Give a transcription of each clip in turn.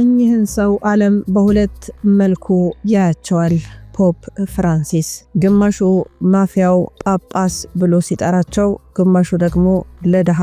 እኚህን ሰው ዓለም በሁለት መልኩ ያያቸዋል። ፖፕ ፍራንሲስ ግማሹ ማፊያው ጳጳስ ብሎ ሲጠራቸው፣ ግማሹ ደግሞ ለድሃ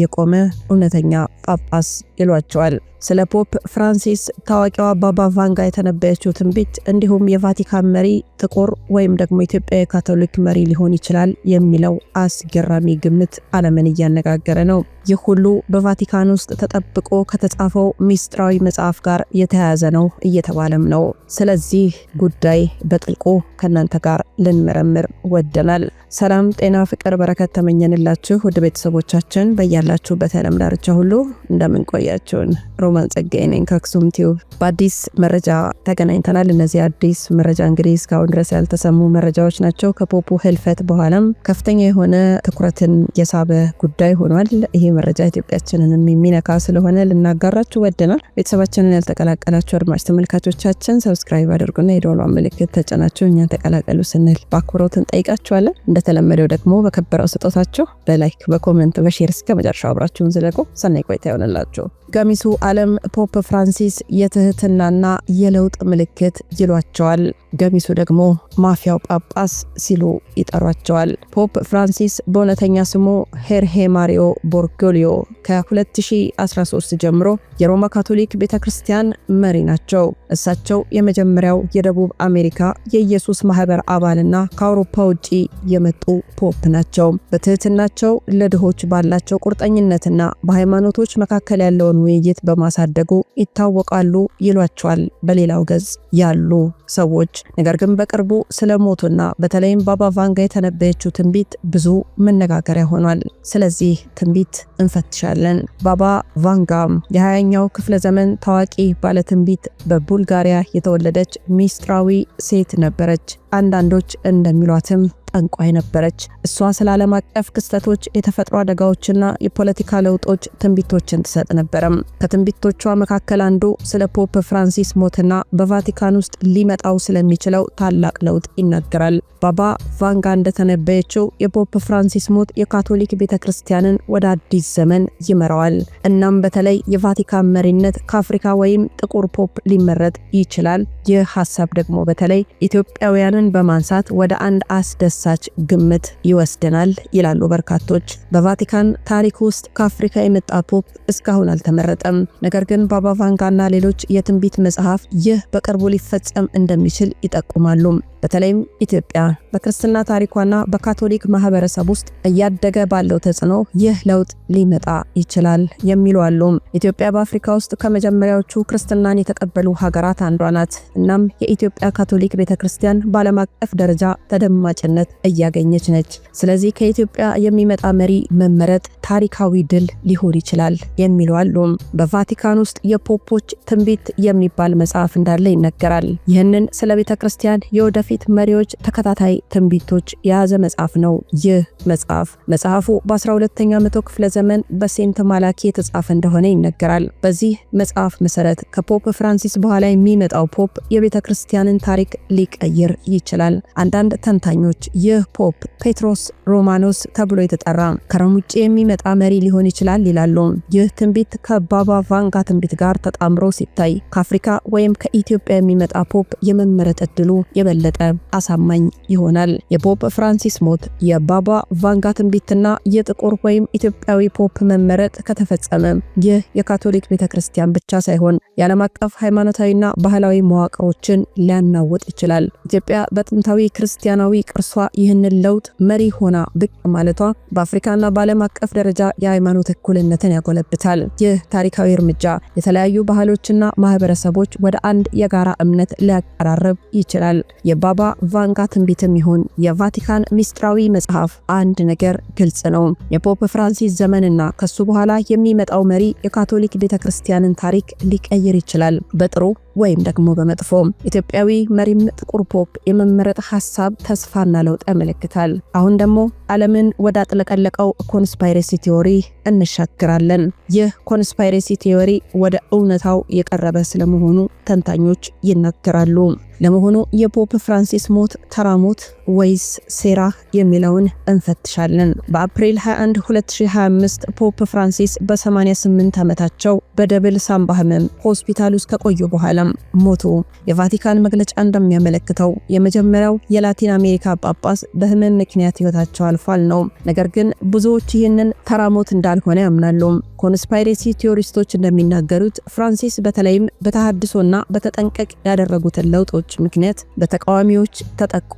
የቆመ እውነተኛ ጳጳስ ይሏቸዋል። ስለ ፖፕ ፍራንሲስ ታዋቂዋ ባባ ቫንጋ የተነበየችው ትንቢት እንዲሁም የቫቲካን መሪ ጥቁር ወይም ደግሞ ኢትዮጵያ የካቶሊክ መሪ ሊሆን ይችላል የሚለው አስገራሚ ግምት ዓለምን እያነጋገረ ነው። ይህ ሁሉ በቫቲካን ውስጥ ተጠብቆ ከተጻፈው ሚስጥራዊ መጽሐፍ ጋር የተያያዘ ነው እየተባለም ነው። ስለዚህ ጉዳይ በጥልቁ ከእናንተ ጋር ልንመረምር ወደናል። ሰላም፣ ጤና፣ ፍቅር፣ በረከት ተመኘንላችሁ ውድ ቤተሰቦቻችን በያላችሁበት የዓለም ዳርቻ ሁሉ እንደምንቆየ ያቆያቸውን ሮማን ጸጋዬ ነኝ ከአክሱም ቲዩብ በአዲስ መረጃ ተገናኝተናል። እነዚህ አዲስ መረጃ እንግዲህ እስካሁን ድረስ ያልተሰሙ መረጃዎች ናቸው። ከፖፑ ህልፈት በኋላም ከፍተኛ የሆነ ትኩረትን የሳበ ጉዳይ ሆኗል። ይህ መረጃ ኢትዮጵያችንንም የሚነካ ስለሆነ ልናጋራችሁ ወደናል። ቤተሰባችንን ያልተቀላቀላችሁ አድማጭ ተመልካቾቻችን ሰብስክራይብ አድርጉና የደወሏን ምልክት ተጭናችሁ እኛን ተቀላቀሉ ስንል በአክብሮት እንጠይቃችኋለን። እንደተለመደው ደግሞ በከበረው ስጦታችሁ በላይክ በኮመንት በሼር እስከ መጨረሻው አብራችሁን ዝለቁ። ሰናይ ቆይታ ይሆንላችሁ። ገሚሱ ዓለም ፖፕ ፍራንሲስ የትህትናና የለውጥ ምልክት ይሏቸዋል። ገሚሱ ደግሞ ማፊያው ጳጳስ ሲሉ ይጠሯቸዋል። ፖፕ ፍራንሲስ በእውነተኛ ስሙ ሄርሄ ማሪዮ ቦርጎሊዮ ከ2013 ጀምሮ የሮማ ካቶሊክ ቤተ ክርስቲያን መሪ ናቸው። እሳቸው የመጀመሪያው የደቡብ አሜሪካ የኢየሱስ ማህበር አባልና ከአውሮፓ ውጪ የመጡ ፖፕ ናቸው። በትህትናቸው ለድሆች ባላቸው ቁርጠኝነትና በሃይማኖቶች መካከል ያለውን ውይይት በማሳደጉ ይታወቃሉ ይሏቸዋል በሌላው ገጽ ያሉ ሰዎች። ነገር ግን በቅርቡ ስለሞቱና በተለይም ባባ ቫንጋ የተነበየችው ትንቢት ብዙ መነጋገሪያ ሆኗል። ስለዚህ ትንቢት እንፈትሻለን። ባባ ቫንጋ ኛው ክፍለ ዘመን ታዋቂ ባለትንቢት በቡልጋሪያ የተወለደች ሚስጥራዊ ሴት ነበረች። አንዳንዶች እንደሚሏትም ጠንቋይ ነበረች። እሷ ስለ ዓለም አቀፍ ክስተቶች፣ የተፈጥሮ አደጋዎችና የፖለቲካ ለውጦች ትንቢቶችን ትሰጥ ነበረም። ከትንቢቶቿ መካከል አንዱ ስለ ፖፕ ፍራንሲስ ሞትና በቫቲካን ውስጥ ሊመጣው ስለሚችለው ታላቅ ለውጥ ይናገራል። ባባ ቫንጋ እንደተነበየችው የፖፕ ፍራንሲስ ሞት የካቶሊክ ቤተ ክርስቲያንን ወደ አዲስ ዘመን ይመራዋል። እናም በተለይ የቫቲካን መሪነት ከአፍሪካ ወይም ጥቁር ፖፕ ሊመረጥ ይችላል። ይህ ሀሳብ ደግሞ በተለይ ኢትዮጵያውያንን ይህንን በማንሳት ወደ አንድ አስደሳች ግምት ይወስደናል ይላሉ በርካቶች። በቫቲካን ታሪክ ውስጥ ከአፍሪካ የመጣ ፖፕ እስካሁን አልተመረጠም። ነገር ግን ባባ ቫንጋና ሌሎች የትንቢት መጽሐፍ ይህ በቅርቡ ሊፈጸም እንደሚችል ይጠቁማሉ። በተለይም ኢትዮጵያ በክርስትና ታሪኳና በካቶሊክ ማህበረሰብ ውስጥ እያደገ ባለው ተጽዕኖ ይህ ለውጥ ሊመጣ ይችላል የሚሉ አሉ። ኢትዮጵያ በአፍሪካ ውስጥ ከመጀመሪያዎቹ ክርስትናን የተቀበሉ ሀገራት አንዷ ናት። እናም የኢትዮጵያ ካቶሊክ ቤተ ክርስቲያን በዓለም አቀፍ ደረጃ ተደማጭነት እያገኘች ነች። ስለዚህ ከኢትዮጵያ የሚመጣ መሪ መመረጥ ታሪካዊ ድል ሊሆን ይችላል የሚሉ አሉ። በቫቲካን ውስጥ የፖፖች ትንቢት የሚባል መጽሐፍ እንዳለ ይነገራል። ይህንን ስለ ቤተ ክርስቲያን የወደፊ የወደፊት መሪዎች ተከታታይ ትንቢቶች የያዘ መጽሐፍ ነው። ይህ መጽሐፍ መጽሐፉ በ12ኛ መቶ ክፍለ ዘመን በሴንት ማላኪ የተጻፈ እንደሆነ ይነገራል። በዚህ መጽሐፍ መሰረት ከፖፕ ፍራንሲስ በኋላ የሚመጣው ፖፕ የቤተ ክርስቲያንን ታሪክ ሊቀይር ይችላል። አንዳንድ ተንታኞች ይህ ፖፕ ፔትሮስ ሮማኖስ ተብሎ የተጠራ ከሮም ውጭ የሚመጣ መሪ ሊሆን ይችላል ይላሉ። ይህ ትንቢት ከባባ ቫንጋ ትንቢት ጋር ተጣምሮ ሲታይ ከአፍሪካ ወይም ከኢትዮጵያ የሚመጣ ፖፕ የመመረጥ እድሉ የበለጠ እንዲቀርብ አሳማኝ ይሆናል። የፖፕ ፍራንሲስ ሞት የባባ ቫንጋ ትንቢትና የጥቁር ወይም ኢትዮጵያዊ ፖፕ መመረጥ ከተፈጸመ ይህ የካቶሊክ ቤተ ክርስቲያን ብቻ ሳይሆን የዓለም አቀፍ ሃይማኖታዊና ባህላዊ መዋቅሮችን ሊያናውጥ ይችላል። ኢትዮጵያ በጥንታዊ ክርስቲያናዊ ቅርሷ ይህንን ለውጥ መሪ ሆና ብቅ ማለቷ በአፍሪካና በዓለም አቀፍ ደረጃ የሃይማኖት እኩልነትን ያጎለብታል። ይህ ታሪካዊ እርምጃ የተለያዩ ባህሎችና ማህበረሰቦች ወደ አንድ የጋራ እምነት ሊያቀራርብ ይችላል። ባባ ቫንጋ ትንቢትም ይሁን የቫቲካን ሚስጥራዊ መጽሐፍ አንድ ነገር ግልጽ ነው። የፖፕ ፍራንሲስ ዘመንና ከሱ በኋላ የሚመጣው መሪ የካቶሊክ ቤተ ክርስቲያንን ታሪክ ሊቀይር ይችላል በጥሩ ወይም ደግሞ በመጥፎ ኢትዮጵያዊ መሪም ጥቁር ፖፕ የመመረጥ ሀሳብ ተስፋና ለውጥ ያመለክታል። አሁን ደግሞ ዓለምን ወደ አጥለቀለቀው ኮንስፓይሬሲ ቲዎሪ እንሻግራለን። ይህ ኮንስፓይሬሲ ቲዎሪ ወደ እውነታው የቀረበ ስለመሆኑ ተንታኞች ይናገራሉ። ለመሆኑ የፖፕ ፍራንሲስ ሞት ተራ ሞት ወይስ ሴራ የሚለውን እንፈትሻለን። በአፕሪል 21 2025 ፖፕ ፍራንሲስ በ88 ዓመታቸው በደብል ሳምባ ህመም ሆስፒታል ውስጥ ከቆዩ በኋላም ሞቱ። የቫቲካን መግለጫ እንደሚያመለክተው የመጀመሪያው የላቲን አሜሪካ ጳጳስ በህመም ምክንያት ህይወታቸው አልፏል ነው። ነገር ግን ብዙዎች ይህንን ተራ ሞት እንዳልሆነ ያምናሉ። ኮንስፓይሬሲ ቲዮሪስቶች እንደሚናገሩት ፍራንሲስ በተለይም በተሃድሶና በተጠንቀቅ ያደረጉትን ለውጦች ምክንያት በተቃዋሚዎች ተጠቁ።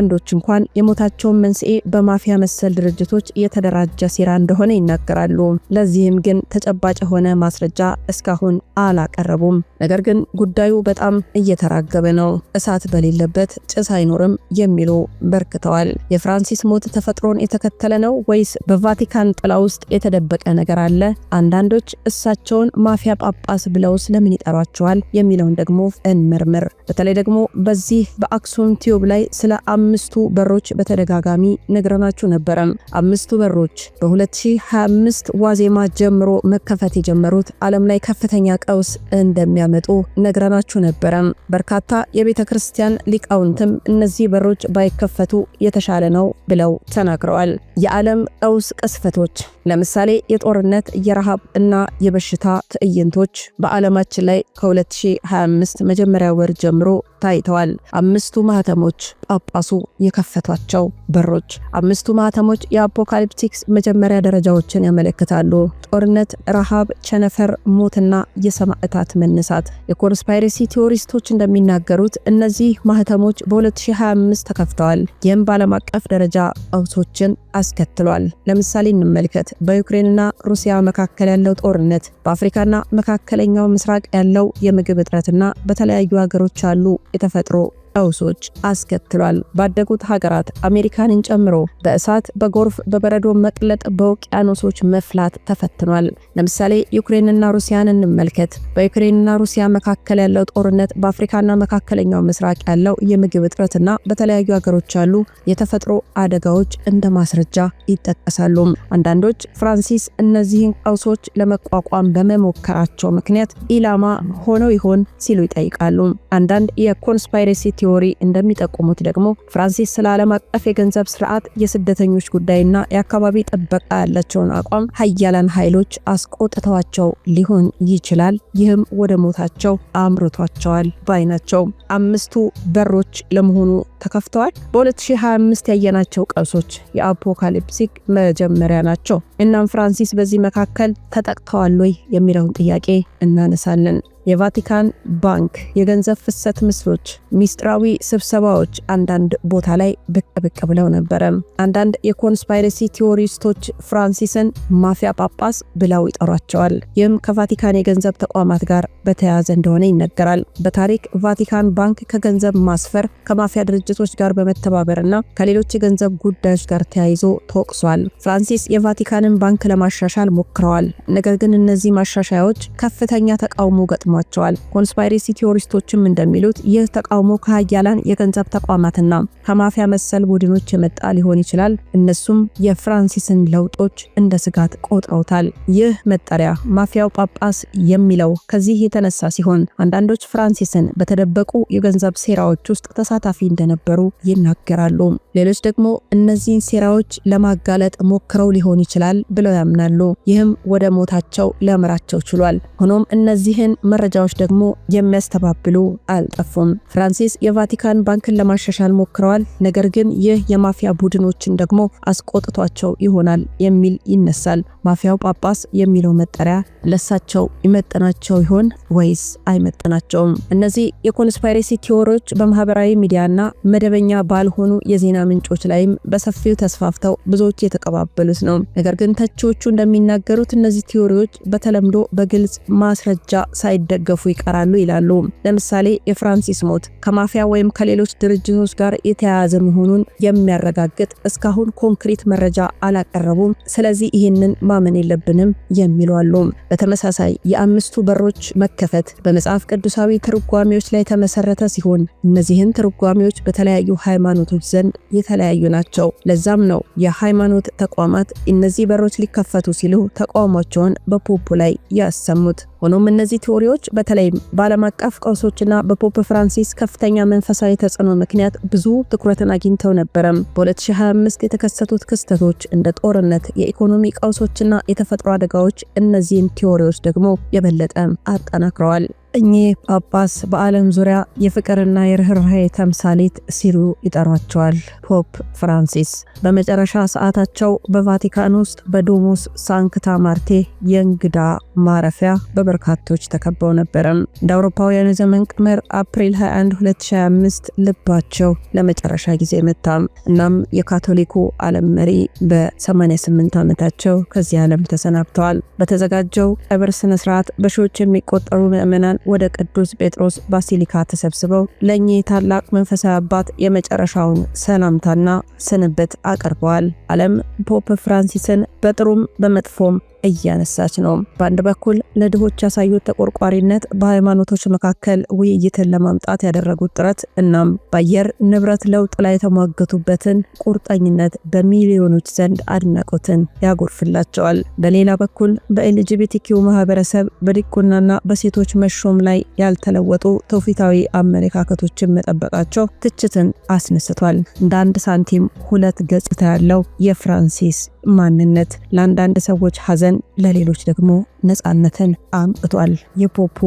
አንዳንዶች እንኳን የሞታቸውን መንስኤ በማፊያ መሰል ድርጅቶች የተደራጀ ሴራ እንደሆነ ይናገራሉ። ለዚህም ግን ተጨባጭ የሆነ ማስረጃ እስካሁን አላቀረቡም። ነገር ግን ጉዳዩ በጣም እየተራገበ ነው። እሳት በሌለበት ጭስ አይኖርም የሚሉ በርክተዋል። የፍራንሲስ ሞት ተፈጥሮን የተከተለ ነው ወይስ በቫቲካን ጥላ ውስጥ የተደበቀ ነገር አለ? አንዳንዶች እሳቸውን ማፊያ ጳጳስ ብለው ስለምን ይጠሯቸዋል የሚለውን ደግሞ እንመርምር። በተለይ ደግሞ በዚህ በአክሱም ቲዩብ ላይ ስለ አምስቱ በሮች በተደጋጋሚ ነግረናችሁ ነበረ። አምስቱ በሮች በ2025 ዋዜማ ጀምሮ መከፈት የጀመሩት ዓለም ላይ ከፍተኛ ቀውስ እንደሚያመጡ ነግረናችሁ ነበረ። በርካታ የቤተ ክርስቲያን ሊቃውንትም እነዚህ በሮች ባይከፈቱ የተሻለ ነው ብለው ተናግረዋል። የዓለም ቀውስ ቅስፈቶች ለምሳሌ የጦርነት የረሃብ እና የበሽታ ትዕይንቶች በዓለማችን ላይ ከ2025 መጀመሪያ ወር ጀምሮ ታይተዋል። አምስቱ ማህተሞች ጳጳሱ የከፈቷቸው በሮች። አምስቱ ማህተሞች የአፖካሊፕቲክስ መጀመሪያ ደረጃዎችን ያመለክታሉ። ጦርነት፣ ረሃብ፣ ቸነፈር፣ ሞትና የሰማዕታት መነሳት። የኮንስፓይረሲ ቲዎሪስቶች እንደሚናገሩት እነዚህ ማህተሞች በ2025 ተከፍተዋል። ይህም በዓለም አቀፍ ደረጃ ቀውሶችን አስከትሏል። ለምሳሌ እንመልከት። በዩክሬንና ሩሲያ መካከል ያለው ጦርነት፣ በአፍሪካና መካከለኛው ምስራቅ ያለው የምግብ እጥረትና በተለያዩ ሀገሮች ያሉ የተፈጥሮ ቀውሶች አስከትሏል። ባደጉት ሀገራት አሜሪካንን ጨምሮ በእሳት በጎርፍ በበረዶ መቅለጥ በውቅያኖሶች መፍላት ተፈትኗል። ለምሳሌ ዩክሬንና ሩሲያን እንመልከት። በዩክሬንና ሩሲያ መካከል ያለው ጦርነት በአፍሪካና መካከለኛው ምስራቅ ያለው የምግብ እጥረትና በተለያዩ ሀገሮች ያሉ የተፈጥሮ አደጋዎች እንደ ማስረጃ ይጠቀሳሉ። አንዳንዶች ፍራንሲስ እነዚህን ቀውሶች ለመቋቋም በመሞከራቸው ምክንያት ኢላማ ሆነው ይሆን ሲሉ ይጠይቃሉ። አንዳንድ የኮንስፓይሬሲ ቲዎሪ እንደሚጠቁሙት ደግሞ ፍራንሲስ ስለ ዓለም አቀፍ የገንዘብ ስርዓት፣ የስደተኞች ጉዳይና የአካባቢ ጥበቃ ያላቸውን አቋም ሀያላን ኃይሎች አስቆጥተዋቸው ሊሆን ይችላል። ይህም ወደ ሞታቸው አምርቷቸዋል ባይ ናቸው። አምስቱ በሮች ለመሆኑ ተከፍተዋል። በ2025 ያየናቸው ቀውሶች የአፖካሊፕሲክ መጀመሪያ ናቸው። እናም ፍራንሲስ በዚህ መካከል ተጠቅተዋል ወይ የሚለውን ጥያቄ እናነሳለን። የቫቲካን ባንክ የገንዘብ ፍሰት ምስሎች፣ ሚስጥራዊ ስብሰባዎች አንዳንድ ቦታ ላይ ብቅ ብቅ ብለው ነበረ። አንዳንድ የኮንስፓይረሲ ቲዎሪስቶች ፍራንሲስን ማፊያ ጳጳስ ብለው ይጠሯቸዋል። ይህም ከቫቲካን የገንዘብ ተቋማት ጋር በተያያዘ እንደሆነ ይነገራል። በታሪክ ቫቲካን ባንክ ከገንዘብ ማስፈር፣ ከማፊያ ድርጅቶች ጋር በመተባበርና ከሌሎች የገንዘብ ጉዳዮች ጋር ተያይዞ ተወቅሷል። ፍራንሲስ የቫቲካንን ባንክ ለማሻሻል ሞክረዋል። ነገር ግን እነዚህ ማሻሻያዎች ከፍተኛ ተቃውሞ ገጥሞ ገጥሟቸዋል። ኮንስፓይሬሲ ቴዎሪስቶችም እንደሚሉት ይህ ተቃውሞ ከሀያላን የገንዘብ ተቋማትና ከማፊያ መሰል ቡድኖች የመጣ ሊሆን ይችላል። እነሱም የፍራንሲስን ለውጦች እንደ ስጋት ቆጥረውታል። ይህ መጠሪያ ማፊያው ጳጳስ የሚለው ከዚህ የተነሳ ሲሆን አንዳንዶች ፍራንሲስን በተደበቁ የገንዘብ ሴራዎች ውስጥ ተሳታፊ እንደነበሩ ይናገራሉ። ሌሎች ደግሞ እነዚህን ሴራዎች ለማጋለጥ ሞክረው ሊሆን ይችላል ብለው ያምናሉ። ይህም ወደ ሞታቸው ሊያምራቸው ችሏል። ሆኖም እነዚህን መረጃዎች ደግሞ የሚያስተባብሉ አልጠፉም። ፍራንሲስ የቫቲካን ባንክን ለማሻሻል ሞክረዋል፣ ነገር ግን ይህ የማፊያ ቡድኖችን ደግሞ አስቆጥቷቸው ይሆናል የሚል ይነሳል። ማፊያው ጳጳስ የሚለው መጠሪያ ለሳቸው ይመጥናቸው ይሆን ወይስ አይመጥናቸውም? እነዚህ የኮንስፓይሬሲ ቲዎሪዎች በማህበራዊ ሚዲያና መደበኛ ባልሆኑ የዜና ምንጮች ላይም በሰፊው ተስፋፍተው ብዙዎች የተቀባበሉት ነው። ነገር ግን ተቺዎቹ እንደሚናገሩት እነዚህ ቲዎሪዎች በተለምዶ በግልጽ ማስረጃ ሳይደ ሳይደገፉ ይቀራሉ ይላሉ። ለምሳሌ የፍራንሲስ ሞት ከማፊያ ወይም ከሌሎች ድርጅቶች ጋር የተያያዘ መሆኑን የሚያረጋግጥ እስካሁን ኮንክሪት መረጃ አላቀረቡም፣ ስለዚህ ይህንን ማመን የለብንም የሚሉ አሉ። በተመሳሳይ የአምስቱ በሮች መከፈት በመጽሐፍ ቅዱሳዊ ትርጓሜዎች ላይ የተመሰረተ ሲሆን እነዚህን ትርጓሜዎች በተለያዩ ሃይማኖቶች ዘንድ የተለያዩ ናቸው። ለዛም ነው የሃይማኖት ተቋማት እነዚህ በሮች ሊከፈቱ ሲሉ ተቃውሟቸውን በፖፑ ላይ ያሰሙት። ሆኖም እነዚህ ቲዎሪዎች በተለይም በዓለም አቀፍ ቀውሶችና በፖፕ ፍራንሲስ ከፍተኛ መንፈሳዊ ተጽዕኖ ምክንያት ብዙ ትኩረትን አግኝተው ነበረም። በ2025 የተከሰቱት ክስተቶች እንደ ጦርነት፣ የኢኮኖሚ ቀውሶችና የተፈጥሮ አደጋዎች እነዚህን ቲዎሪዎች ደግሞ የበለጠ አጠናክረዋል። እኚህ ጳጳስ በዓለም ዙሪያ የፍቅርና የርኅራኄ ተምሳሌት ሲሉ ይጠሯቸዋል። ፖፕ ፍራንሲስ በመጨረሻ ሰዓታቸው በቫቲካን ውስጥ በዶሞስ ሳንክታ ማርቴ የእንግዳ ማረፊያ በበርካቶች ተከበው ነበረም። እንደ አውሮፓውያን ዘመን ቅመር አፕሪል 21 2025 ልባቸው ለመጨረሻ ጊዜ መታም። እናም የካቶሊኩ ዓለም መሪ በ88 ዓመታቸው ከዚህ ዓለም ተሰናብተዋል። በተዘጋጀው ቀብር ስነስርዓት በሺዎች የሚቆጠሩ ምዕመናን ወደ ቅዱስ ጴጥሮስ ባሲሊካ ተሰብስበው ለእኚህ ታላቅ መንፈሳዊ አባት የመጨረሻውን ሰላምታና ስንብት አቅርበዋል። ዓለም ፖፕ ፍራንሲስን በጥሩም በመጥፎም እያነሳች ነው። በአንድ በኩል ለድሆች ያሳዩት ተቆርቋሪነት በሃይማኖቶች መካከል ውይይትን ለማምጣት ያደረጉት ጥረት እናም በአየር ንብረት ለውጥ ላይ የተሟገቱበትን ቁርጠኝነት በሚሊዮኖች ዘንድ አድናቆትን ያጎርፍላቸዋል። በሌላ በኩል በኤልጂቢቲኪው ማህበረሰብ በዲቁናና በሴቶች መሾም ላይ ያልተለወጡ ትውፊታዊ አመለካከቶችን መጠበቃቸው ትችትን አስነስቷል። እንደ አንድ ሳንቲም ሁለት ገጽታ ያለው የፍራንሲስ ማንነት ለአንዳንድ ሰዎች ሐዘን፣ ለሌሎች ደግሞ ነፃነትን አምጥቷል። የፖፖ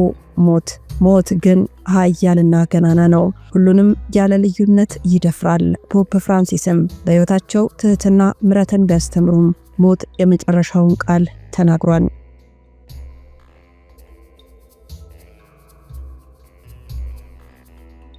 ሞት ሞት ግን ሀያልና ገናና ነው። ሁሉንም ያለ ልዩነት ይደፍራል። ፖፕ ፍራንሲስም በሕይወታቸው ትህትና ምረትን ቢያስተምሩም ሞት የመጨረሻውን ቃል ተናግሯል።